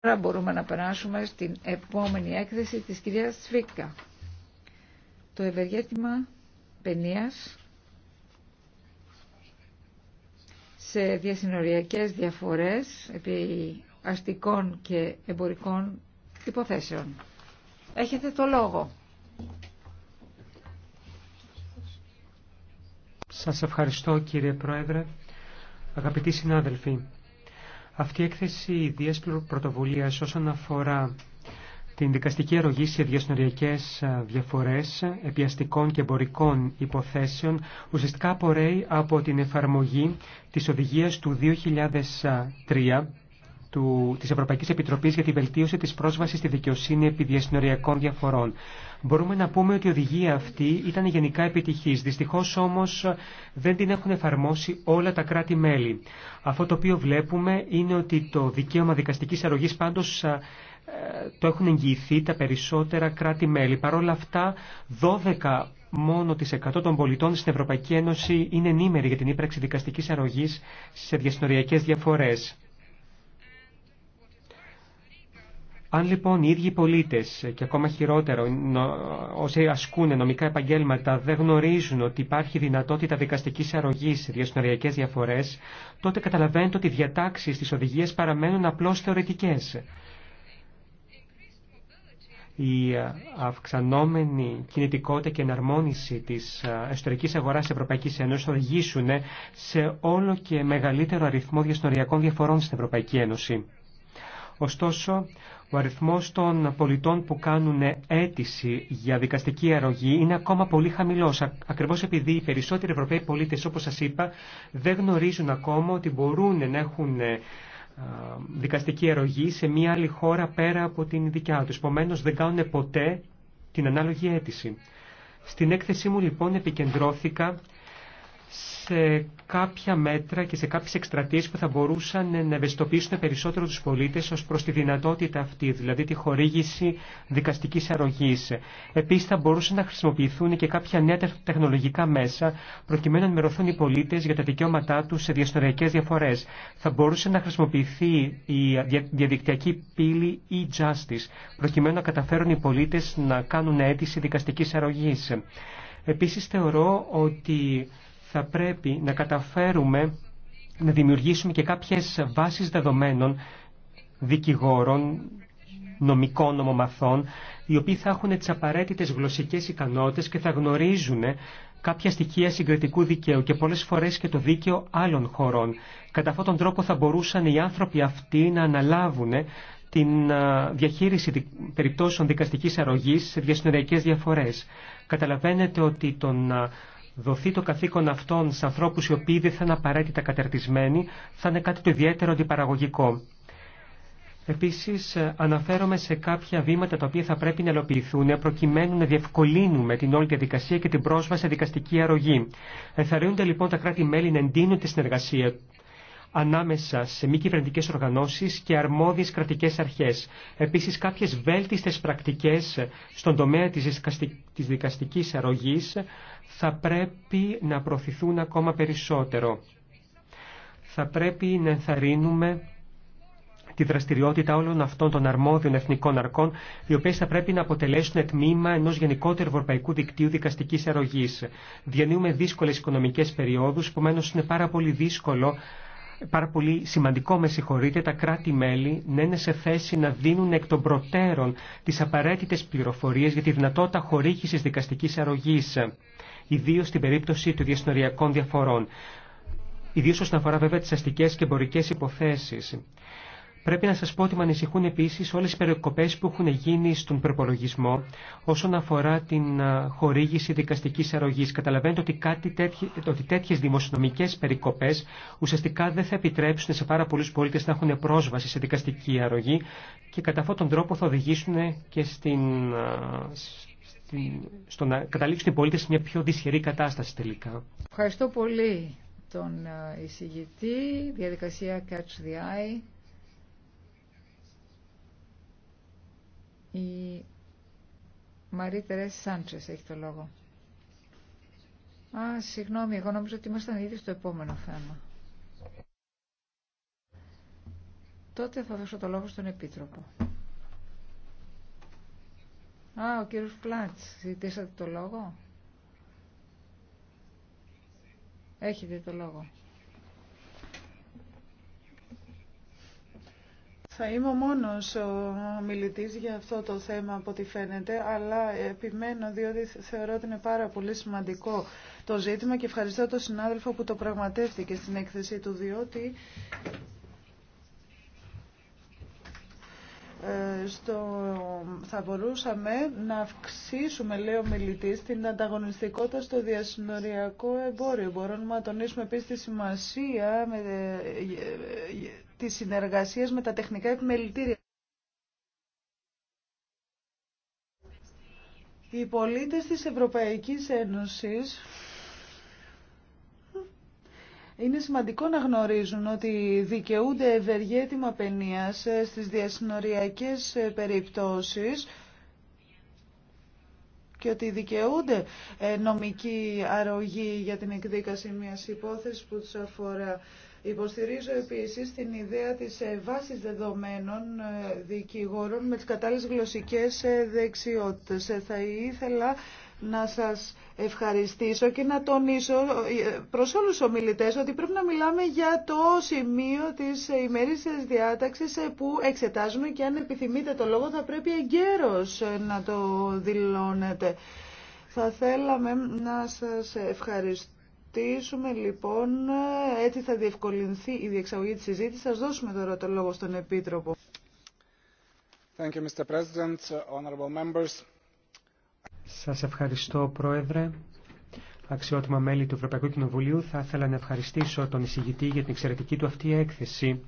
Τώρα μπορούμε να περάσουμε στην επόμενη έκθεση της κυρίας Σφίκα. Το ευεργέτημα παινίας σε διασυνοριακές διαφορές επί αστικών και εμπορικών υποθέσεων. Έχετε το λόγο. Σας ευχαριστώ κύριε Πρόεδρε. Αγαπητοί συνάδελφοι, αυτή η έκθεση ιδίας πρωτοβουλίας όσον αφορά την δικαστική αρρωγή σε διασνοριακές διαφορές επιαστικών και εμπορικών υποθέσεων ουσιαστικά απορρέει από την εφαρμογή της οδηγίας του 2003 Τη Ευρωπαϊκή Επιτροπή για τη βελτίωση τη πρόσβαση στη δικαιοσύνη επί διασυνοριακών διαφορών. Μπορούμε να πούμε ότι η οδηγία αυτή ήταν γενικά επιτυχη. Δυστυχώ όμω δεν την έχουν εφαρμόσει όλα τα κράτη-μέλη. Αυτό το οποίο βλέπουμε είναι ότι το δικαίωμα δικαστική αρρωγή πάντω ε, το έχουν εγγυηθεί τα περισσότερα κράτη-μέλη. Παρ' όλα αυτά, 12 μόνο τις 100 των πολιτών στην Ευρωπαϊκή Ένωση είναι ενήμεροι για την ύπαρξη δικαστικής αρρωγής σε διασυνοριακές διαφορές. Αν λοιπόν οι ίδιοι πολίτες ε, και ακόμα χειρότερο ε, όσοι ασκούν νομικά επαγγέλματα δεν γνωρίζουν ότι υπάρχει δυνατότητα δικαστικής αρρωγής σε διασυνοριακές διαφορές, τότε καταλαβαίνετε ότι οι διατάξεις της οδηγίες παραμένουν απλώς θεωρητικές. Η ε, αυξανόμενη κινητικότητα και εναρμόνιση της εσωτερικής αγοράς της Ευρωπαϊκής Ένωσης οδηγήσουν σε όλο και μεγαλύτερο αριθμό διαστοριακών διαφορών στην Ευρωπαϊκή Ένωση. Ωστόσο, ο αριθμός των πολιτών που κάνουν αίτηση για δικαστική αρρωγή είναι ακόμα πολύ χαμηλός, ακριβώς επειδή οι περισσότεροι Ευρωπαίοι πολίτες, όπως σας είπα, δεν γνωρίζουν ακόμα ότι μπορούν να έχουν ε, δικαστική αρρωγή σε μια άλλη χώρα πέρα από την δικιά τους. Επομένω, δεν κάνουν ποτέ την ανάλογη αίτηση. Στην έκθεσή μου λοιπόν επικεντρώθηκα σε κάποια μέτρα και σε κάποιες εκστρατείες που θα μπορούσαν να ευαισθητοποιήσουν περισσότερο τους πολίτες ως προς τη δυνατότητα αυτή, δηλαδή τη χορήγηση δικαστικής αρρωγής. Επίσης θα μπορούσαν να χρησιμοποιηθούν και κάποια νέα τεχνολογικά μέσα προκειμένου να ενημερωθούν οι πολίτες για τα δικαιώματά τους σε διαστοριακές διαφορές. Θα μπορούσε να χρησιμοποιηθεί η διαδικτυακή πύλη e-justice προκειμένου να καταφέρουν οι πολίτες να κάνουν αίτηση δικαστικής αρρωγής. Επίσης θεωρώ ότι θα πρέπει να καταφέρουμε να δημιουργήσουμε και κάποιες βάσεις δεδομένων δικηγόρων, νομικών νομομαθών, οι οποίοι θα έχουν τις απαραίτητες γλωσσικές ικανότητες και θα γνωρίζουν κάποια στοιχεία συγκριτικού δικαίου και πολλές φορές και το δίκαιο άλλων χωρών. Κατά αυτόν τον τρόπο θα μπορούσαν οι άνθρωποι αυτοί να αναλάβουν την διαχείριση περιπτώσεων δικαστικής αρρωγής σε διασυνοριακές διαφορές. Καταλαβαίνετε ότι δοθεί το καθήκον αυτών σε ανθρώπους οι οποίοι δεν θα είναι απαραίτητα κατερτισμένοι, θα είναι κάτι το ιδιαίτερο αντιπαραγωγικό. Επίσης αναφέρομαι σε κάποια βήματα τα οποία θα πρέπει να ελοποιηθούν προκειμένου να διευκολύνουμε την όλη διαδικασία και την πρόσβαση σε δικαστική αρρωγή. Ενθαρρύνονται λοιπόν τα κράτη-μέλη να εντείνουν τη συνεργασία ανάμεσα σε μη κυβερνητικέ οργανώσει και αρμόδιε κρατικέ αρχέ. Επίση, κάποιε βέλτιστε πρακτικέ στον τομέα τη δικαστική αρρωγή θα πρέπει να προωθηθούν ακόμα περισσότερο. Θα πρέπει να ενθαρρύνουμε τη δραστηριότητα όλων αυτών των αρμόδιων εθνικών αρκών, οι οποίε θα πρέπει να αποτελέσουν τμήμα ενό γενικότερου ευρωπαϊκού δικτύου δικαστική αρρωγή. Διανύουμε δύσκολε οικονομικέ περιόδου, επομένω είναι πάρα πολύ δύσκολο πάρα πολύ σημαντικό, με συγχωρείτε, τα κράτη-μέλη να είναι σε θέση να δίνουν εκ των προτέρων τις απαραίτητες πληροφορίες για τη δυνατότητα χορήγησης δικαστικής αρρωγής, ιδίως στην περίπτωση των διασυνοριακών διαφορών. Ιδίως όσον αφορά βέβαια τις αστικές και εμπορικές υποθέσεις. Πρέπει να σας πω ότι με ανησυχούν επίσης όλες οι περικοπές που έχουν γίνει στον προπολογισμό όσον αφορά την χορήγηση δικαστικής αρρωγής. Καταλαβαίνετε ότι, κάτι τέτοι, ότι τέτοιες δημοσιονομικές περικοπές ουσιαστικά δεν θα επιτρέψουν σε πάρα πολλούς πολίτες να έχουν πρόσβαση σε δικαστική αρρωγή και κατά αυτόν τον τρόπο θα οδηγήσουν και στην, στην, στο να καταλήξουν οι πολίτες σε μια πιο δυσχερή κατάσταση τελικά. Ευχαριστώ πολύ τον εισηγητή. Διαδικασία Catch the Eye. Η Μαρή Τερέση Σάντσες έχει το λόγο. Α, συγγνώμη, εγώ νομίζω ότι ήμασταν ήδη στο επόμενο θέμα. Τότε θα δώσω το λόγο στον Επίτροπο. Α, ο κύριος Πλάτς, ζητήσατε το λόγο. Έχετε το λόγο. Θα είμαι ο μόνος ο μιλητής για αυτό το θέμα από ό,τι φαίνεται, αλλά επιμένω διότι θεωρώ ότι είναι πάρα πολύ σημαντικό το ζήτημα και ευχαριστώ τον συνάδελφο που το πραγματεύτηκε στην έκθεσή του, διότι ε, στο, θα μπορούσαμε να αυξήσουμε, λέει ο μιλητή, την ανταγωνιστικότητα στο διασυνοριακό εμπόριο. Μπορούμε να τονίσουμε επίση τη σημασία με, ε, ε, της συνεργασίας με τα τεχνικά επιμελητήρια. Οι πολίτες της Ευρωπαϊκής Ένωσης είναι σημαντικό να γνωρίζουν ότι δικαιούνται ευεργέτημα παινίας στις διασυνοριακές περιπτώσεις και ότι δικαιούνται νομική αρρωγή για την εκδίκαση μιας υπόθεσης που τους αφορά. Υποστηρίζω επίσης την ιδέα της ε, βάσης δεδομένων ε, δικηγόρων με τις κατάλληλες γλωσσικές ε, δεξιότητες. Θα ήθελα να σας ευχαριστήσω και να τονίσω προς όλους τους ομιλητές ότι πρέπει να μιλάμε για το σημείο της ημερήσιας διάταξης που εξετάζουμε και αν επιθυμείτε το λόγο θα πρέπει εγκαίρως να το δηλώνετε. Θα θέλαμε να σας ευχαριστήσουμε ρωτήσουμε λοιπόν, έτσι θα διευκολυνθεί η διεξαγωγή της συζήτησης. Σας δώσουμε τώρα το λόγο στον Επίτροπο. Thank you, Mr. President, honorable members. Σας ευχαριστώ, Πρόεδρε. Αξιότιμα μέλη του Ευρωπαϊκού Κοινοβουλίου, θα ήθελα να ευχαριστήσω τον εισηγητή για την εξαιρετική του αυτή έκθεση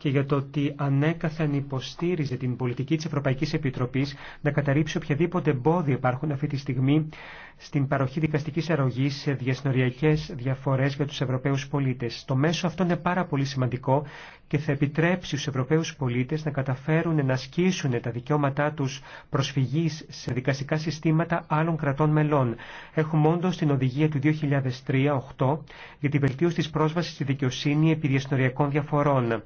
και για το ότι ανέκαθεν υποστήριζε την πολιτική της Ευρωπαϊκής Επιτροπής να καταρρύψει οποιαδήποτε εμπόδια υπάρχουν αυτή τη στιγμή στην παροχή δικαστικής αρρωγής σε διασνοριακές διαφορές για τους Ευρωπαίους πολίτες. Το μέσο αυτό είναι πάρα πολύ σημαντικό και θα επιτρέψει στους Ευρωπαίους πολίτες να καταφέρουν να ασκήσουν τα δικαιώματά τους προσφυγής σε δικαστικά συστήματα άλλων κρατών μελών. Έχουμε όντω την οδηγία του 2003-8 για την βελτίωση της πρόσβασης στη δικαιοσύνη επί διασυνοριακών διαφορών.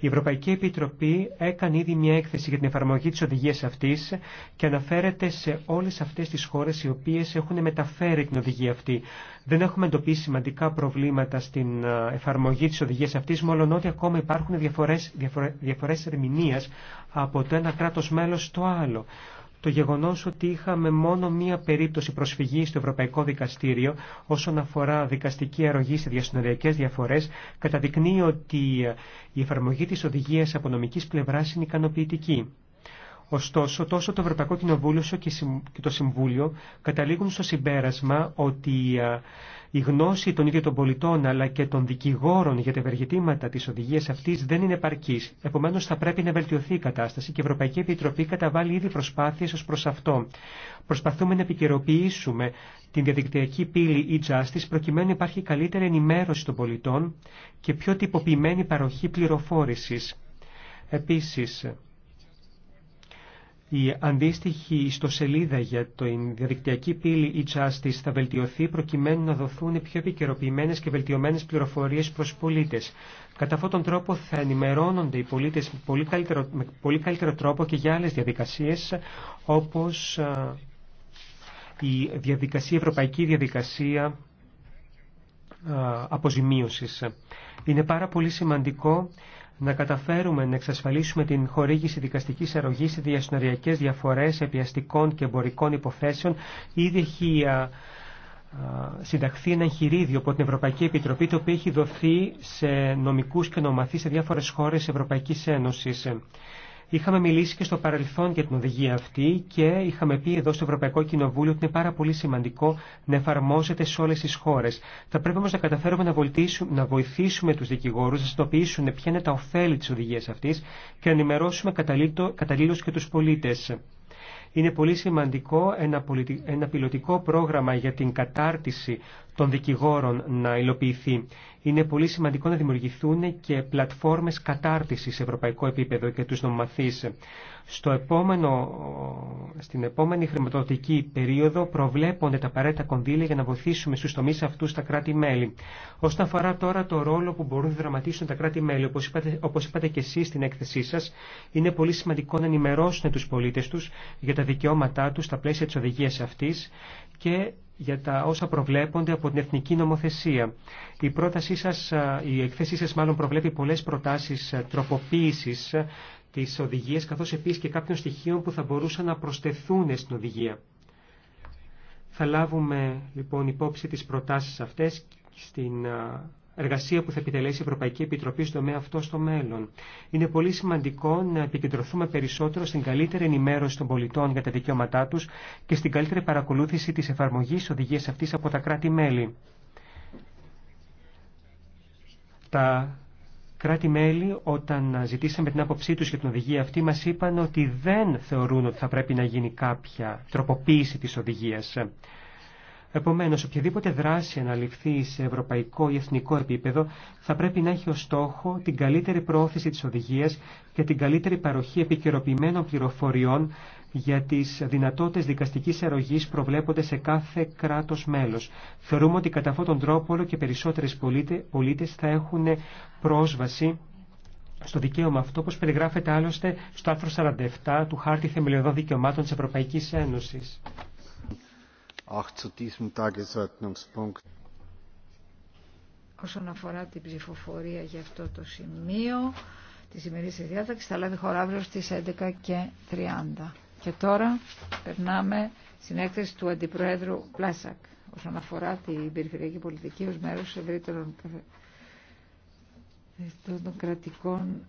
Η Ευρωπαϊκή Επιτροπή έκανε ήδη μια έκθεση για την εφαρμογή της οδηγίας αυτής και αναφέρεται σε όλες αυτές τις χώρες οι οποίες έχουν μεταφέρει την οδηγία αυτή. Δεν έχουμε εντοπίσει σημαντικά προβλήματα στην ε, εφαρμογή της οδηγίας αυτής, μόλον ότι ακόμα υπάρχουν διαφορές, διαφορε, διαφορές ερμηνείας από το ένα κράτος μέλος στο άλλο. Το γεγονός ότι είχαμε μόνο μία περίπτωση προσφυγής στο Ευρωπαϊκό Δικαστήριο όσον αφορά δικαστική αρρωγή σε διασυνοριακές διαφορές καταδεικνύει ότι η εφαρμογή της οδηγίας από νομικής πλευράς είναι ικανοποιητική. Ωστόσο, τόσο το Ευρωπαϊκό Κοινοβούλιο όσο και το Συμβούλιο καταλήγουν στο συμπέρασμα ότι η γνώση των ίδιων των πολιτών αλλά και των δικηγόρων για τα ευεργετήματα τη οδηγία αυτή δεν είναι επαρκή. Επομένω, θα πρέπει να βελτιωθεί η κατάσταση και η Ευρωπαϊκή Επιτροπή καταβάλει ήδη προσπάθειε ω προ αυτό. Προσπαθούμε να επικαιροποιήσουμε την διαδικτυακή πύλη e-Justice προκειμένου να υπάρχει καλύτερη ενημέρωση των πολιτών και πιο τυποποιημένη παροχή πληροφόρηση. Επίσης, η αντίστοιχη ιστοσελίδα για το διαδικτυακή πύλη e-Justice θα βελτιωθεί προκειμένου να δοθούν πιο επικαιροποιημένε και βελτιωμένε πληροφορίε προ πολίτε. Κατά αυτόν τον τρόπο θα ενημερώνονται οι πολίτε με πολύ καλύτερο τρόπο και για άλλε διαδικασίε όπω η διαδικασία, ευρωπαϊκή διαδικασία αποζημίωσης. Είναι πάρα πολύ σημαντικό να καταφέρουμε να εξασφαλίσουμε την χορήγηση δικαστικής αρρωγή σε διασυνοριακές διαφορές επιαστικών και εμπορικών υποθέσεων. Ήδη έχει συνταχθεί ένα εγχειρίδιο από την Ευρωπαϊκή Επιτροπή, το οποίο έχει δοθεί σε νομικούς και νομαθεί σε διάφορες χώρες Ευρωπαϊκής Ένωση. Είχαμε μιλήσει και στο παρελθόν για την οδηγία αυτή και είχαμε πει εδώ στο Ευρωπαϊκό Κοινοβούλιο ότι είναι πάρα πολύ σημαντικό να εφαρμόζεται σε όλε τι χώρε. Θα πρέπει όμω να καταφέρουμε να, να βοηθήσουμε του δικηγόρου να συνειδητοποιήσουν ποια είναι τα ωφέλη τη οδηγία αυτή και να ενημερώσουμε καταλήλω και του πολίτε. Είναι πολύ σημαντικό ένα πιλωτικό πρόγραμμα για την κατάρτιση των δικηγόρων να υλοποιηθεί. Είναι πολύ σημαντικό να δημιουργηθούν και πλατφόρμες κατάρτισης σε ευρωπαϊκό επίπεδο και τους νομομαθείς. Στο επόμενο, στην επόμενη χρηματοδοτική περίοδο προβλέπονται τα απαραίτητα κονδύλια για να βοηθήσουμε στους τομείς αυτούς τα κράτη-μέλη. Όσον αφορά τώρα το ρόλο που μπορούν να δραματίσουν τα κράτη-μέλη, όπως είπατε, όπως είπατε και εσείς στην έκθεσή σας, είναι πολύ σημαντικό να ενημερώσουν τους πολίτες τους για τα δικαιώματά τους στα πλαίσια της οδηγίας αυτής και για τα όσα προβλέπονται από την εθνική νομοθεσία. Η πρότασή σας, η εκθέσή σας μάλλον προβλέπει πολλές προτάσεις τροποποίησης της οδηγίας, καθώς επίσης και κάποιων στοιχείων που θα μπορούσαν να προστεθούν στην οδηγία. Θα λάβουμε λοιπόν υπόψη τις προτάσεις αυτές στην εργασία που θα επιτελέσει η Ευρωπαϊκή Επιτροπή στο τομέα αυτό στο μέλλον. Είναι πολύ σημαντικό να επικεντρωθούμε περισσότερο στην καλύτερη ενημέρωση των πολιτών για τα δικαιώματά του και στην καλύτερη παρακολούθηση τη εφαρμογή οδηγία αυτή από τα κράτη-μέλη. Τα κράτη-μέλη όταν ζητήσαμε την άποψή του για την οδηγία αυτή μα είπαν ότι δεν θεωρούν ότι θα πρέπει να γίνει κάποια τροποποίηση τη οδηγία. Επομένως, οποιαδήποτε δράση αναλυφθεί σε ευρωπαϊκό ή εθνικό επίπεδο θα πρέπει να έχει ως στόχο την καλύτερη προώθηση της οδηγίας και την καλύτερη παροχή επικαιροποιημένων πληροφοριών για τις δυνατότητες δικαστικής αρρωγής προβλέπονται σε κάθε κράτος μέλος. Θεωρούμε ότι κατά αυτόν τον τρόπο όλο και περισσότερες πολίτες θα έχουν πρόσβαση στο δικαίωμα αυτό, όπως περιγράφεται άλλωστε στο άρθρο 47 του Χάρτη Θεμελιωδών Δικαιωμάτων της Ευρωπαϊκής Ένωσης zu diesem Tagesordnungspunkt. Όσον αφορά την ψηφοφορία για αυτό το σημείο τη σημερινή διάταξης θα λάβει χώρα αύριο στις 11 και 30. Και τώρα περνάμε στην έκθεση του Αντιπροέδρου Πλάσακ όσον αφορά την περιφερειακή πολιτική ως μέρος ευρύτερων κρατικών